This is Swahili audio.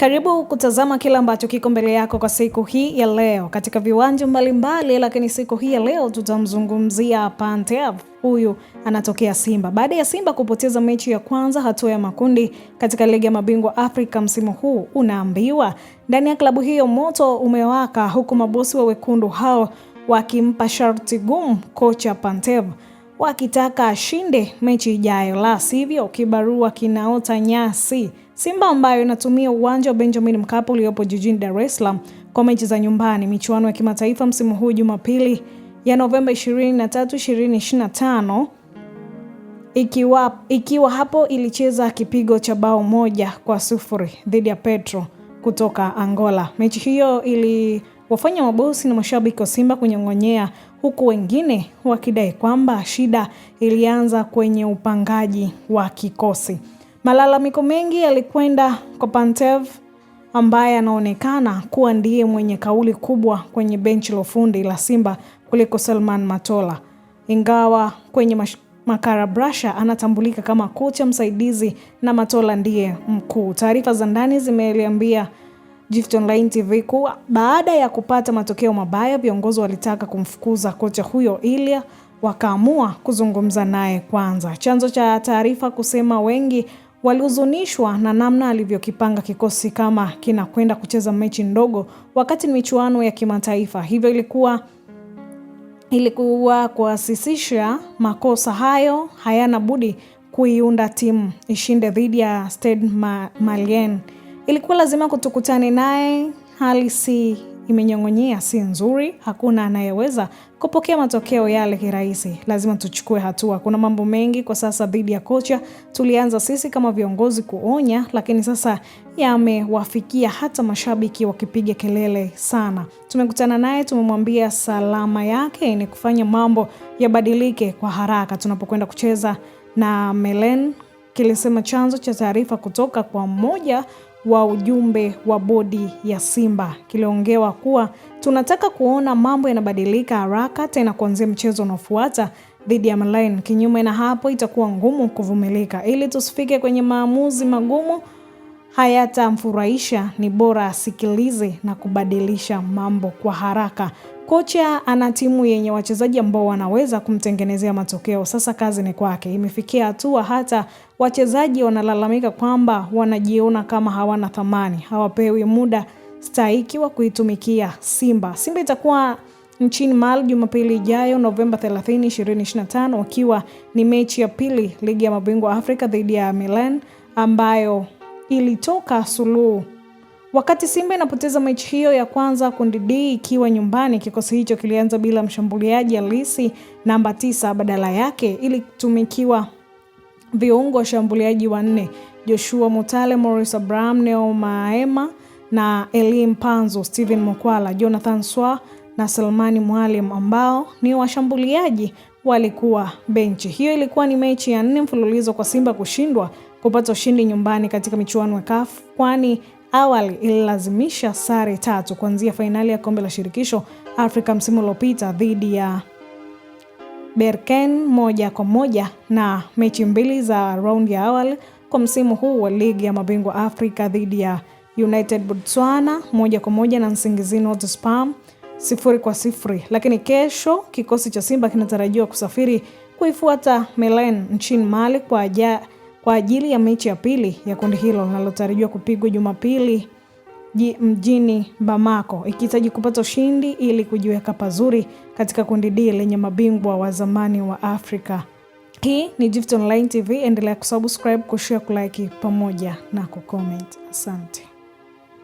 Karibu kutazama kile ambacho kiko mbele yako kwa siku hii ya leo katika viwanja mbalimbali, lakini siku hii ya leo tutamzungumzia Pantev. Huyu anatokea Simba baada ya Simba kupoteza mechi ya kwanza hatua ya makundi katika ligi ya mabingwa Afrika msimu huu. Unaambiwa ndani ya klabu hiyo moto umewaka, huku mabosi wa wekundu hao wakimpa sharti gumu kocha Pantev wakitaka ashinde mechi ijayo, la sivyo kibarua kinaota nyasi. Simba ambayo inatumia uwanja wa Benjamin Mkapa uliopo jijini Dar es Salaam kwa mechi za nyumbani, michuano ya kimataifa msimu huu, Jumapili ya Novemba 23, 2025 ikiwa, ikiwa hapo ilicheza kipigo cha bao moja kwa sufuri dhidi ya Petro kutoka Angola. Mechi hiyo iliwafanya mabosi na mashabiki wa Simba kunyong'onyea huku wengine wakidai kwamba shida ilianza kwenye upangaji wa kikosi. Malalamiko mengi yalikwenda kwa Pantev ambaye anaonekana kuwa ndiye mwenye kauli kubwa kwenye benchi la ufundi la Simba kuliko selman Matola, ingawa kwenye makara brasha anatambulika kama kocha msaidizi na Matola ndiye mkuu. Taarifa za ndani zimeliambia Gift Online TV kuwa baada ya kupata matokeo mabaya, viongozi walitaka kumfukuza kocha huyo ili wakaamua kuzungumza naye kwanza. Chanzo cha taarifa kusema wengi walihuzunishwa na namna alivyokipanga kikosi kama kinakwenda kucheza mechi ndogo wakati ni michuano ya kimataifa. Hivyo ilikuwa ilikuwa kuasisisha makosa hayo hayana budi kuiunda timu ishinde dhidi ya Stade Malien. Ilikuwa lazima kutukutane naye, hali si imenyong'onyea, si nzuri. Hakuna anayeweza kupokea matokeo yale kirahisi. Lazima tuchukue hatua. Kuna mambo mengi kwa sasa dhidi ya kocha. Tulianza sisi kama viongozi kuonya, lakini sasa yamewafikia hata mashabiki wakipiga kelele sana. Tumekutana naye, tumemwambia salama yake ni kufanya mambo yabadilike kwa haraka tunapokwenda kucheza na Melen, kilisema chanzo cha taarifa kutoka kwa mmoja wa ujumbe wa bodi ya Simba kiliongewa kuwa tunataka kuona mambo yanabadilika haraka tena kuanzia mchezo unaofuata dhidi ya Malain. Kinyume na hapo itakuwa ngumu kuvumilika. Ili tusifike kwenye maamuzi magumu hayatamfurahisha ni bora asikilize na kubadilisha mambo kwa haraka. Kocha ana timu yenye wachezaji ambao wanaweza kumtengenezea matokeo. Sasa kazi ni kwake. Imefikia hatua hata wachezaji wanalalamika kwamba wanajiona kama hawana thamani, hawapewi muda stahiki wa kuitumikia Simba. Simba itakuwa nchini Mali Jumapili ijayo Novemba 30, 2025 wakiwa ni mechi ya pili ligi ya mabingwa Afrika dhidi ya Milan ambayo ilitoka suluhu. Wakati Simba inapoteza mechi hiyo ya kwanza kundi D ikiwa nyumbani, kikosi hicho kilianza bila mshambuliaji halisi namba tisa, badala yake ilitumikiwa viungo washambuliaji wanne Joshua Mutale, Morris Abraham, Neo Maema na Eli Mpanzo, Steven Mokwala, Jonathan Swa na Salmani Mwalim ambao ni washambuliaji walikuwa benchi. Hiyo ilikuwa ni mechi ya nne mfululizo kwa Simba kushindwa kupata ushindi nyumbani katika michuano ya CAF kwani awali ililazimisha sare tatu kuanzia fainali ya kombe la shirikisho Afrika msimu uliopita dhidi ya Berken moja kwa moja na mechi mbili za round ya awali kwa msimu huu wa ligi ya mabingwa Afrika dhidi ya United Botswana moja kwa moja na Nsingizini Hot sifuri kwa sifuri. Lakini kesho kikosi cha Simba kinatarajiwa kusafiri kuifuata Melen nchini Mali kwa ajili kwa ajili ya mechi ya pili ya kundi hilo linalotarajiwa kupigwa Jumapili mjini Bamako, ikihitaji kupata ushindi ili kujiweka pazuri katika kundi D lenye mabingwa wa zamani wa Afrika. Hii ni Gift Online TV, endelea kusubscribe, kushare, kulike pamoja na kucomment. Asante.